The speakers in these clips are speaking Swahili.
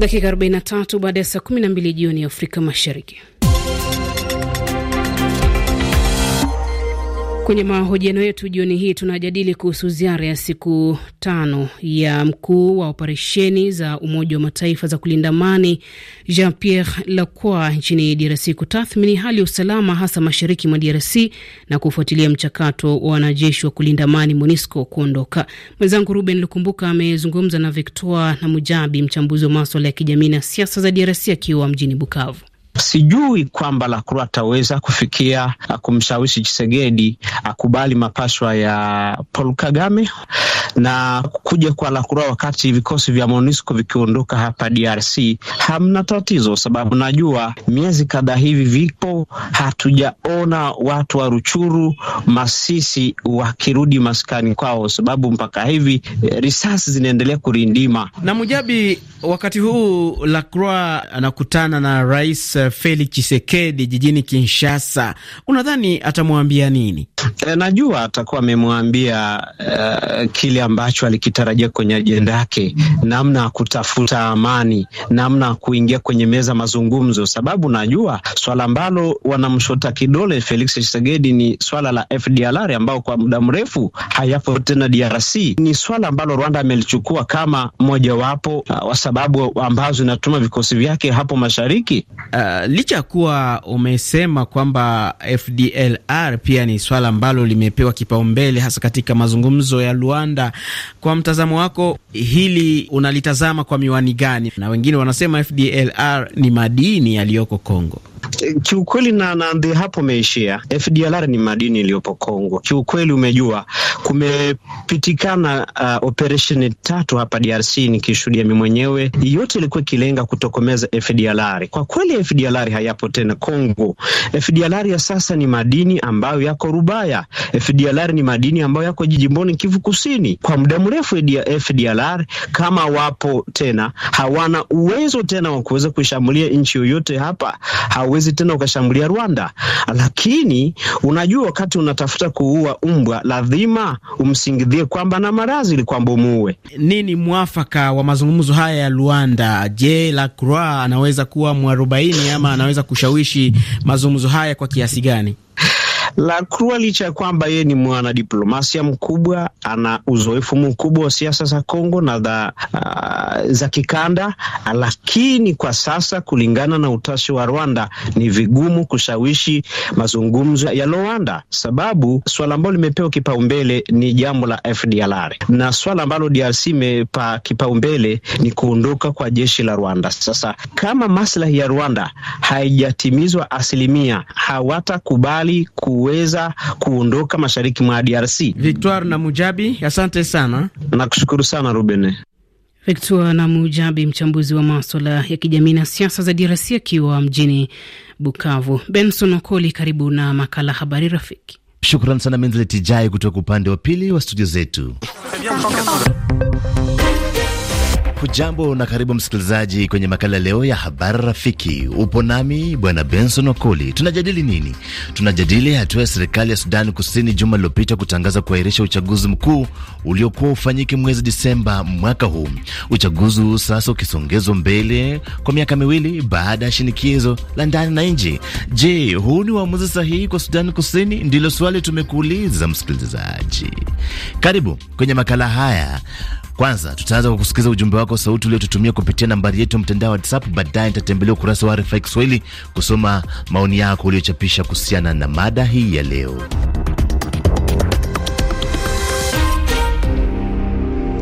Dakika 43 baada ya saa 12 jioni ya Afrika Mashariki. Kwenye mahojiano yetu jioni hii tunajadili kuhusu ziara ya siku tano ya mkuu wa operesheni za Umoja wa Mataifa za kulinda amani Jean Pierre Lacroix nchini DRC kutathmini hali ya usalama hasa mashariki mwa DRC na kufuatilia mchakato wa wanajeshi wa kulinda amani MONUSCO kuondoka. Mwenzangu Ruben Lukumbuka amezungumza na Victor na Mujabi, mchambuzi wa maswala ya kijamii na siasa za DRC akiwa mjini Bukavu sijui kwamba Lakrua ataweza kufikia uh, kumshawishi Chisegedi akubali mapashwa ya Paul Kagame na kuja kwa Lakrua wakati vikosi vya MONUSCO vikiondoka hapa DRC, hamna tatizo, sababu najua miezi kadhaa hivi vipo, hatujaona watu wa Ruchuru, Masisi wakirudi maskani kwao, sababu mpaka hivi eh, risasi zinaendelea kurindima. Na Mujabi, wakati huu Lakrua anakutana na rais feli Chisekedi jijini Kinshasa. Unadhani atamwambia nini? E, najua atakuwa amemwambia uh, kile ambacho alikitarajia kwenye ajenda yake, namna ya kutafuta amani, namna ya kuingia kwenye meza mazungumzo, sababu najua swala ambalo wanamshota kidole Felix Chisekedi ni swala la FDLR ambao kwa muda mrefu hayapo tena DRC. Ni swala ambalo Rwanda amelichukua kama mojawapo uh, wa sababu ambazo inatuma vikosi vyake hapo mashariki. Uh, licha ya kuwa umesema kwamba FDLR pia ni swala ambalo limepewa kipaumbele hasa katika mazungumzo ya Luanda, kwa mtazamo wako hili unalitazama kwa miwani gani? Na wengine wanasema FDLR ni madini yaliyoko Kongo kiukweli na, na the hapo ameishia. FDLR ni madini iliyopo Kongo. Kiukweli umejua kumepitikana uh, operesheni tatu hapa DRC nikishuhudia mimi mwenyewe, yote ilikuwa ikilenga kutokomeza FDLR. Kwa kweli FDLR hayapo tena Kongo. FDLR ya sasa ni madini ambayo yako Rubaya. FDLR ni madini ambayo yako jijimboni Kivu Kusini. Kwa muda mrefu FDLR kama wapo tena hawana uwezo tena wa kuweza kushambulia nchi yoyote hapa hawana hauwezi tena ukashambulia Rwanda. Lakini unajua, wakati unatafuta kuua umbwa lazima umsingidhie kwamba na maradhi, kwamba umuue. Nini mwafaka wa mazungumzo haya ya Rwanda? Je, Lacroix anaweza kuwa mwarobaini ama anaweza kushawishi mazungumzo haya kwa kiasi gani? La Croix licha ya kwamba yeye ni mwanadiplomasia mkubwa, ana uzoefu mkubwa wa siasa za Kongo na za, uh, za kikanda, lakini kwa sasa kulingana na utashi wa Rwanda ni vigumu kushawishi mazungumzo ya Rwanda, sababu swala ambalo limepewa kipaumbele ni jambo la FDLR na swala ambalo DRC imepa kipaumbele ni kuondoka kwa jeshi la Rwanda. Sasa kama maslahi ya Rwanda haijatimizwa asilimia, hawatakubali ku kuweza kuondoka mashariki mwa DRC. Victoire na Mujabi, asante sana. Nakushukuru sana Ruben. Victor na Mujabi, mchambuzi wa maswala ya kijamii na siasa za DRC akiwa mjini Bukavu. Benson Okoli, karibu na makala Habari Rafiki. Shukran sana Menzeletijai kutoka upande wa pili wa studio zetu. Hujambo na karibu msikilizaji kwenye makala leo ya habari rafiki. Upo nami bwana Benson Wakoli. Tunajadili nini? Tunajadili hatua ya serikali ya Sudani Kusini juma lililopita kutangaza kuahirisha uchaguzi mkuu uliokuwa ufanyike mwezi Disemba mwaka huu, uchaguzi huu sasa ukisongezwa mbele kwa miaka miwili baada ya shinikizo la ndani na nje. Je, huu ni uamuzi sahihi kwa Sudani Kusini? Ndilo swali tumekuuliza msikilizaji. Karibu kwenye makala haya kwanza tutaanza kwa kusikiliza ujumbe wako sauti uliotutumia kupitia nambari yetu ya mtandao wa WhatsApp. Baadaye nitatembelea ukurasa wa RFI Kiswahili kusoma maoni yako uliochapisha kuhusiana na mada hii ya leo.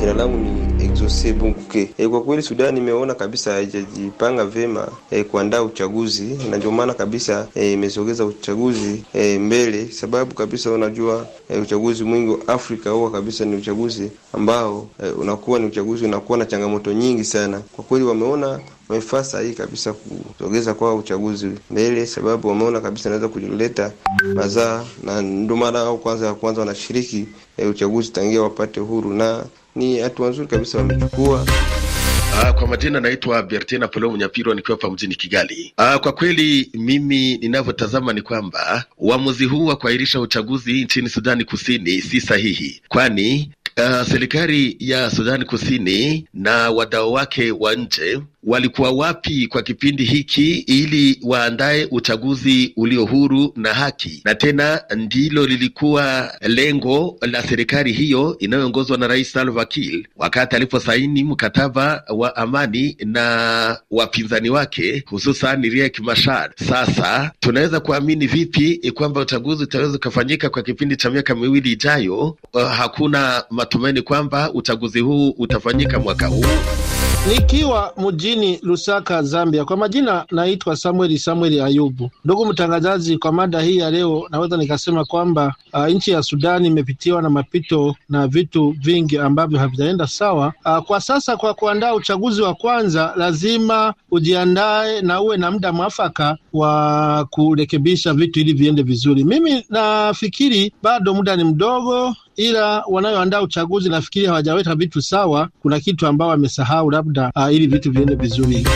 Jina langu ni Exose Bunguke. E, eh, kwa kweli Sudani imeona kabisa haijajipanga vyema e, eh, kuandaa uchaguzi na ndio maana kabisa eh, imesogeza e, uchaguzi e, mbele, sababu kabisa unajua e, uchaguzi mwingi wa Afrika huwa kabisa ni uchaguzi ambao e, unakuwa ni uchaguzi unakuwa na changamoto nyingi sana. Kwa kweli wameona wamefaa sahihi kabisa kusogeza kwa uchaguzi mbele, sababu wameona kabisa naweza kuleta mazaa, na ndio maana au kwanza ya kwanza wanashiriki e, uchaguzi tangia wapate uhuru na ni hatua nzuri kabisa wamechukua. Aa, ah, kwa majina naitwa Bertina Apolo Mnyapiro nikiwa hapa mjini Kigali. Aa, ah, kwa kweli mimi ninavyotazama ni kwamba uamuzi huu wa kuahirisha uchaguzi nchini Sudani Kusini si sahihi, kwani Uh, serikali ya Sudani Kusini na wadau wake wa nje walikuwa wapi kwa kipindi hiki ili waandae uchaguzi ulio huru na haki? Na tena ndilo lilikuwa lengo la serikali hiyo inayoongozwa na Rais Salva Kiir wakati aliposaini mkataba wa amani na wapinzani wake hususan Riek Machar. Sasa tunaweza kuamini vipi kwamba uchaguzi utaweza ukafanyika kwa kipindi cha miaka miwili ijayo? Eh, hakuna matumaini kwamba uchaguzi huu utafanyika mwaka huu. Nikiwa mjini Lusaka, Zambia. Kwa majina naitwa Samueli Samueli Ayubu. Ndugu mtangazaji, kwa mada hii ya leo, naweza nikasema kwamba uh, nchi ya Sudani imepitiwa na mapito na vitu vingi ambavyo havijaenda sawa. Uh, kwa sasa, kwa kuandaa uchaguzi wa kwanza, lazima ujiandae na uwe na muda mwafaka wa kurekebisha vitu ili viende vizuri. Mimi nafikiri bado muda ni mdogo, ila wanayoandaa uchaguzi nafikiri hawajaweka vitu sawa. Kuna kitu ambao wamesahau labda, uh, ili vitu viende vizuri.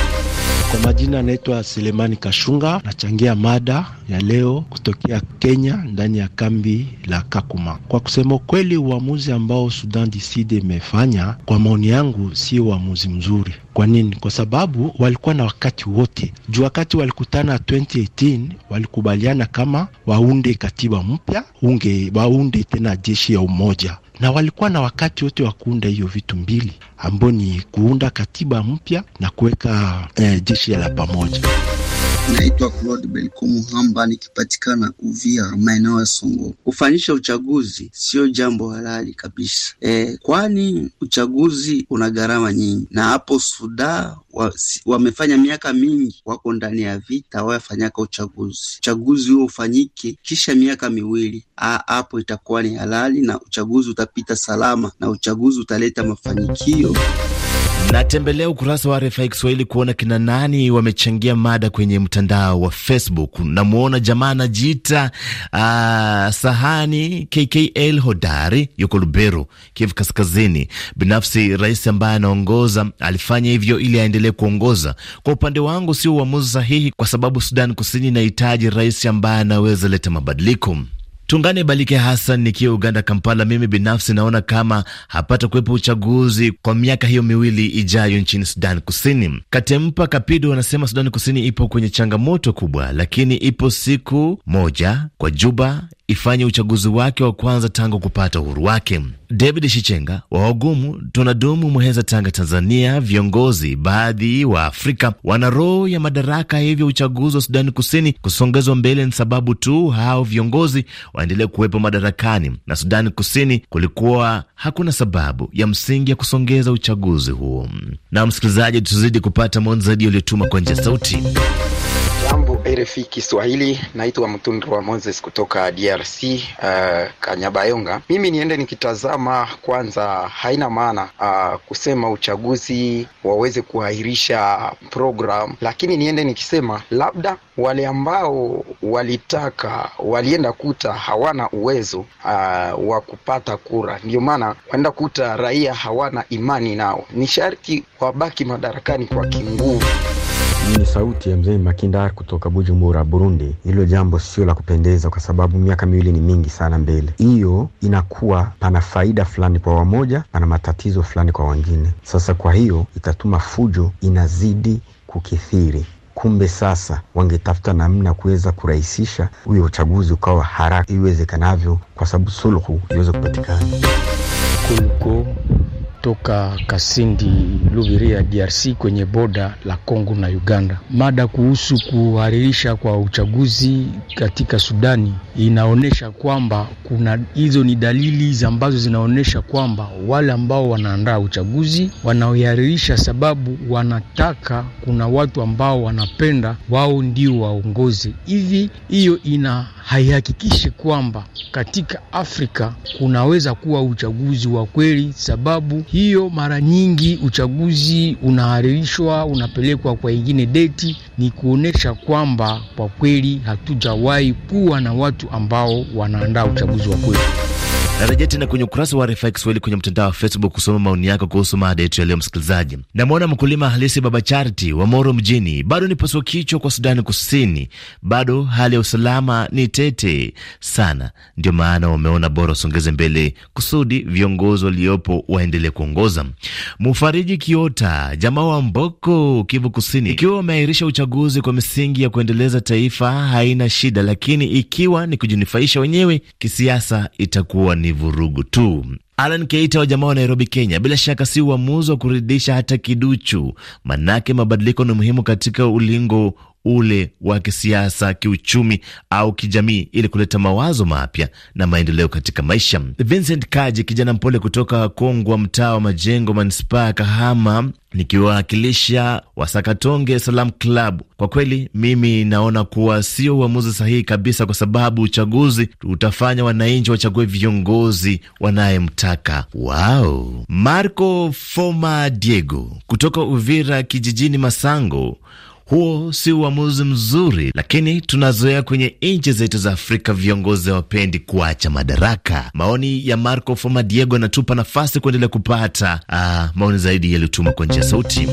Kwa majina anaitwa Selemani Kashunga, nachangia mada ya leo kutokea Kenya, ndani ya kambi la Kakuma. Kwa kusema ukweli, uamuzi ambao Sudan Diside imefanya kwa maoni yangu sio uamuzi mzuri. Kwa nini? Kwa sababu walikuwa na wakati wote juu, wakati walikutana 2018 walikubaliana kama waunde katiba mpya unge waunde tena jeshi ya umoja, na walikuwa na wakati wote wa kuunda hiyo vitu mbili, ambao ni kuunda katiba mpya na kuweka eh, jeshi la pamoja. Naitwa Claude Belco Hamba, nikipatikana Uvia, maeneo ya Songo. Kufanyisha uchaguzi sio jambo halali kabisa e, kwani uchaguzi una gharama nyingi, na hapo Suda wamefanya wa miaka mingi, wako ndani ya vita, wayafanyaka uchaguzi. Uchaguzi huo ufanyike kisha miaka miwili, hapo itakuwa ni halali na uchaguzi utapita salama na uchaguzi utaleta mafanikio. Natembelea ukurasa wa RFI Kiswahili kuona kina nani wamechangia mada kwenye mtandao wa Facebook. Namwona jamaa anajiita uh, sahani KKL Hodari, yuko Lubero, Kivu Kaskazini. Binafsi rais ambaye anaongoza alifanya hivyo ili aendelee kuongoza. Kwa upande wangu, sio uamuzi sahihi, kwa sababu Sudan Kusini inahitaji rais ambaye anaweza leta mabadiliko. Tungane Balike Hassan nikiwa Uganda, Kampala. Mimi binafsi naona kama hapata kuwepo uchaguzi kwa miaka hiyo miwili ijayo nchini Sudan Kusini. Katempa Kapido anasema Sudan Kusini ipo kwenye changamoto kubwa, lakini ipo siku moja kwa Juba ifanye uchaguzi wake wa kwanza tangu kupata uhuru wake. David Shichenga wa wagumu tunadumu Muheza, Tanga, Tanzania. Viongozi baadhi wa Afrika wana roho ya madaraka, hivyo uchaguzi wa Sudani Kusini kusongezwa mbele ni sababu tu hao viongozi waendelee kuwepo madarakani, na Sudani Kusini kulikuwa hakuna sababu ya msingi ya kusongeza uchaguzi huo. Na msikilizaji, tuzidi kupata maoni zaidi yaliyotuma kwa njia sauti RFI Kiswahili, naitwa Mtundu wa Moses kutoka DRC, uh, eh, Kanyabayonga. Mimi niende nikitazama kwanza, haina maana uh, kusema uchaguzi waweze kuahirisha program, lakini niende nikisema labda wale ambao walitaka walienda kuta hawana uwezo uh, wa kupata kura, ndio maana waenda kuta raia hawana imani nao, ni sharti wabaki madarakani kwa kinguvu. Ni sauti ya mzee Makindar kutoka Bujumbura, Burundi. Hilo jambo sio la kupendeza, kwa sababu miaka miwili ni mingi sana mbele. Hiyo inakuwa pana faida fulani kwa wamoja, pana matatizo fulani kwa wengine. Sasa kwa hiyo itatuma fujo inazidi kukithiri. Kumbe sasa wangetafuta namna kuweza kurahisisha huyo uchaguzi ukawa haraka iwezekanavyo, kwa sababu suluhu iweze kupatikana kutoka Kasindi Lubiria, DRC, kwenye boda la Kongo na Uganda. Mada kuhusu kuharirisha kwa uchaguzi katika Sudani inaonyesha kwamba kuna hizo ni dalili ambazo zinaonyesha kwamba wale ambao wanaandaa uchaguzi wanaoharirisha, sababu wanataka kuna watu ambao wanapenda wao ndio waongozi hivi. Hiyo ina haihakikishi kwamba katika Afrika kunaweza kuwa uchaguzi wa kweli, sababu hiyo mara nyingi uchaguzi unaharirishwa, unapelekwa kwa ingine deti. Ni kuonesha kwamba kwa kweli hatujawahi kuwa na watu ambao wanaandaa uchaguzi wa kweli. Narejea tena kwenye ukurasa wa RFI Kiswahili kwenye mtandao wa Facebook kusoma maoni yako kuhusu mada yetu ya leo. Msikilizaji, namwona mkulima halisi Baba Charti wa Moro mjini, bado ni paswa kichwa kwa Sudani Kusini, bado hali ya usalama ni tete sana, ndio maana wameona bora wasongeze mbele kusudi viongozi waliopo waendelee kuongoza. Mufariji Kiota, jamaa wa Mboko, Kivu Kusini, ikiwa wameahirisha uchaguzi kwa misingi ya kuendeleza taifa haina shida, lakini ikiwa ni kujinufaisha wenyewe kisiasa itakuwa ni ni vurugu tu. Alan Keita wa jamaa wa Nairobi, Kenya, bila shaka si uamuzi wa kuridhisha hata kiduchu, manake mabadiliko ni muhimu katika ulingo ule wa kisiasa, kiuchumi au kijamii, ili kuleta mawazo mapya na maendeleo katika maisha. Vincent Kaji, kijana mpole kutoka Kongwa, mtaa wa Majengo, manispaa ya Kahama, nikiwawakilisha Wasakatonge Salam Club. Kwa kweli mimi naona kuwa sio uamuzi sahihi kabisa, kwa sababu uchaguzi utafanya wananchi wachague viongozi wanayemtaka wao. Marco Foma Diego kutoka Uvira kijijini Masango huo si uamuzi mzuri, lakini tunazoea kwenye nchi zetu za Afrika viongozi hawapendi kuacha madaraka. Maoni ya Marco Foma Diego anatupa nafasi kuendelea kupata aa, ah, maoni zaidi yaliyotuma kwa njia sauti.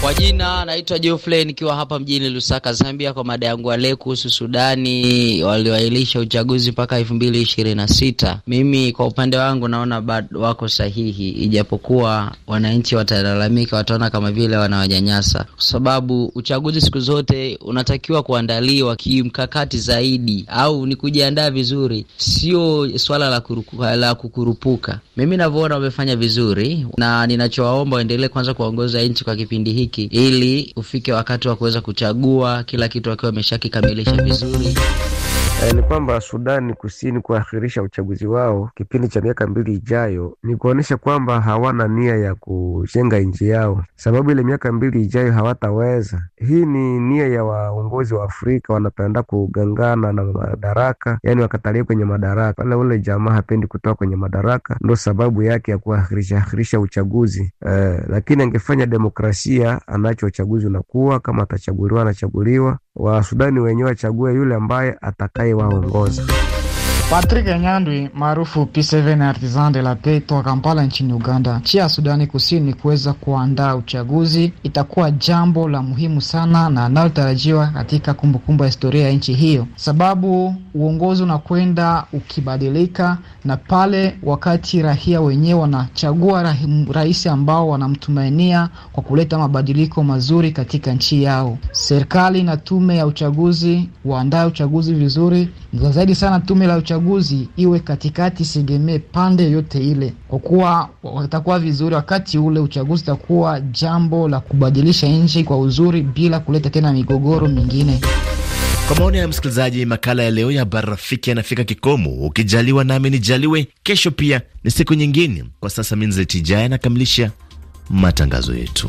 Kwa jina naitwa Geoffrey nikiwa hapa mjini Lusaka, Zambia, kwa mada yangu leo kuhusu Sudani walioahirisha uchaguzi mpaka elfu mbili ishirini na sita. Mimi kwa upande wangu naona bado wako sahihi, ijapokuwa wananchi watalalamika, wataona kama vile wanawanyanyasa, kwa sababu uchaguzi siku zote unatakiwa kuandaliwa kimkakati zaidi, au ni kujiandaa vizuri, sio swala la, kuruku, la kukurupuka. Mimi navyoona wamefanya vizuri, na ninachowaomba waendelee kwanza kuongoza nchi kwa kipindi hiki hiki, ili ufike wakati wa kuweza kuchagua kila kitu akiwa ameshakikamilisha vizuri. E, ni kwamba Sudani Kusini kuahirisha uchaguzi wao kipindi cha miaka mbili ijayo ni kuonyesha kwamba hawana nia ya kujenga nchi yao, sababu ile miaka mbili ijayo hawataweza hii ni nia ya waongozi wa Afrika, wanapenda kugangana na madaraka, yani wakatalie kwenye madaraka. Pale ule jamaa hapendi kutoka kwenye madaraka, ndo sababu yake ya kuahirisha ahirisha uchaguzi eh, lakini angefanya demokrasia, anacho uchaguzi unakuwa kama atachaguliwa, anachaguliwa. Wasudani wenyewe wachague yule ambaye atakayewaongoza. Patrick Nyandwi maarufu P7 Artisan de la Paix toka Kampala nchini Uganda. Nchi ya Sudani Kusini kuweza kuandaa uchaguzi itakuwa jambo la muhimu sana na analotarajiwa katika kumbukumbu ya historia ya nchi hiyo, sababu uongozi unakwenda ukibadilika, na pale wakati rahia wenyewe wanachagua rais ambao wanamtumainia kwa kuleta mabadiliko mazuri katika nchi yao, serikali na tume ya uchaguzi waandaa uchaguzi vizuri, zaidi sana tume la uchaguzi uchaguzi iwe katikati, siegemee pande yote ile, kwa kuwa watakuwa vizuri wakati ule. Uchaguzi utakuwa jambo la kubadilisha nchi kwa uzuri, bila kuleta tena migogoro mingine. Kwa maoni ya msikilizaji, makala ya leo ya Habari Rafiki yanafika kikomo. Ukijaliwa nami nijaliwe, kesho pia ni siku nyingine. Kwa sasa minzetijaya anakamilisha matangazo yetu.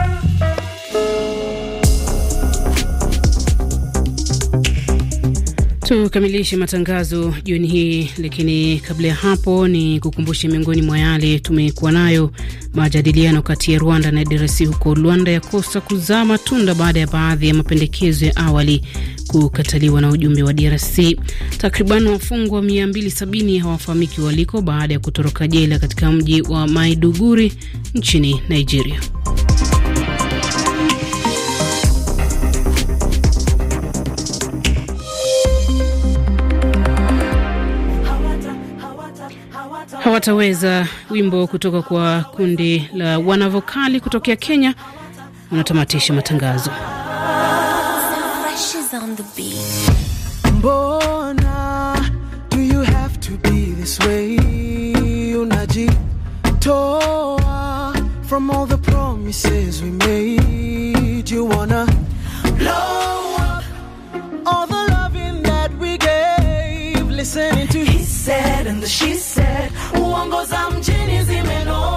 Tukamilishe matangazo jioni hii, lakini kabla ya hapo ni kukumbushe miongoni mwa yale tumekuwa nayo: majadiliano kati ya Rwanda na DRC huko Luanda yakosa kuzaa matunda baada ya baadhi ya mapendekezo ya awali kukataliwa na ujumbe wa DRC. Takriban wafungwa 270 hawafahamiki waliko baada ya kutoroka jela katika mji wa Maiduguri nchini Nigeria. hawataweza. Wimbo kutoka kwa kundi la wanavokali kutokea Kenya unatamatisha matangazo. Mbona do you have to be this way? Unajitoa from all the promises we made. You wanna blow up all the loving that we gave. Listen said and the she said uongo za mjini zimeno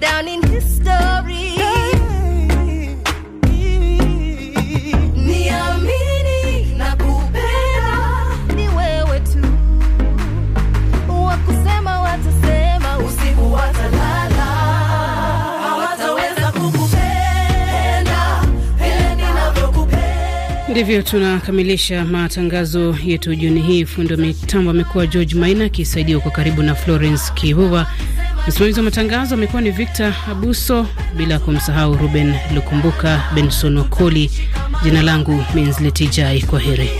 down in history. Ndivyo tunakamilisha matangazo yetu jioni hii. Fundi wa mitambo amekuwa George Maina akisaidiwa kwa karibu na Florence Kivuva. Msimamizi wa matangazo amekuwa ni Victor Abuso, bila kumsahau Ruben Lukumbuka, Benson Wakoli. Jina langu Minsletijai, kwa heri.